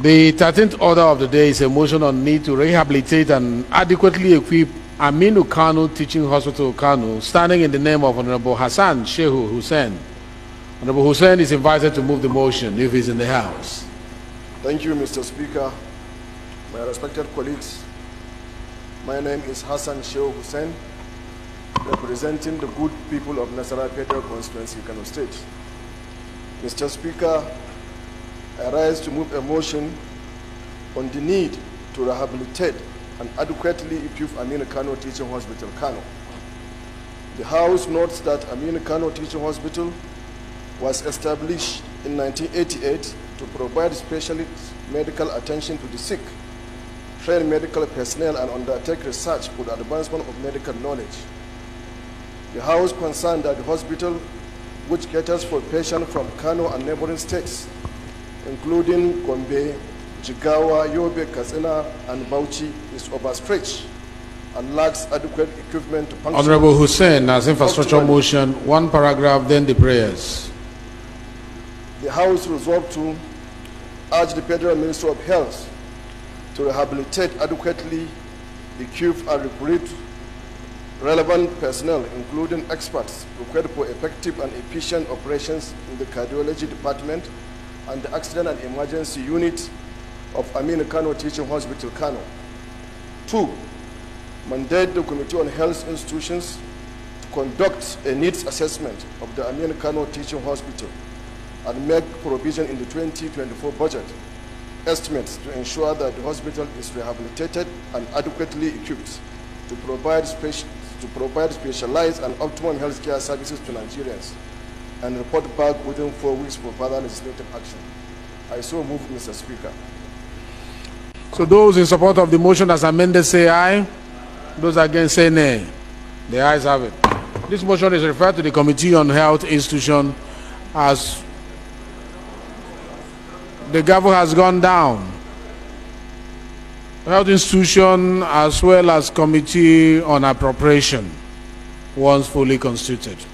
The 13th order of the day is a motion on need to rehabilitate and adequately equip Aminu Kano Teaching Hospital Kano, standing in the name of Honorable Hassan Shehu Hussein. Honorable Hussein is invited to move the motion if he's in the House. Thank you, Mr. Speaker. My respected colleagues, my name is Hassan Shehu Hussein, representing the good people of Nasarawa Federal Constituency, Kano State. Mr. Speaker, arise to move a motion on the need to rehabilitate and adequately improve Aminu Kano Teaching Hospital, Kano. The House notes that Aminu Kano Teaching Hospital was established in 1988 to provide specialist medical attention to the sick, train medical personnel, and undertake research for the advancement of medical knowledge. The House concerned that the hospital, which caters for patients from Kano and neighboring states, including Gombe, Jigawa, Yobe, Katsina, and Bauchi, is overstretched and lacks adequate equipment to function. Honorable Hussein as infrastructure motion, one paragraph, then the prayers. The House resolved to urge the Federal Minister of Health to rehabilitate adequately, equip, and recruit relevant personnel, including experts, required for effective and efficient operations in the cardiology department and the Accident and Emergency Unit of Amin Kano Teaching Hospital, Kano. Two, mandate the Committee on Health Institutions to conduct a needs assessment of the Amin Kano Teaching Hospital and make provision in the 2024 budget estimates to ensure that the hospital is rehabilitated and adequately equipped to provide, speci to provide specialized and optimum healthcare services to Nigerians and report back within four weeks for further legislative action. I so move, Mr. Speaker. So those in support of the motion as amended say aye. Those against say nay. The ayes have it. This motion is referred to the Committee on Health Institution as the gavel has gone down. Health Institution as well as Committee on Appropriation once fully constituted.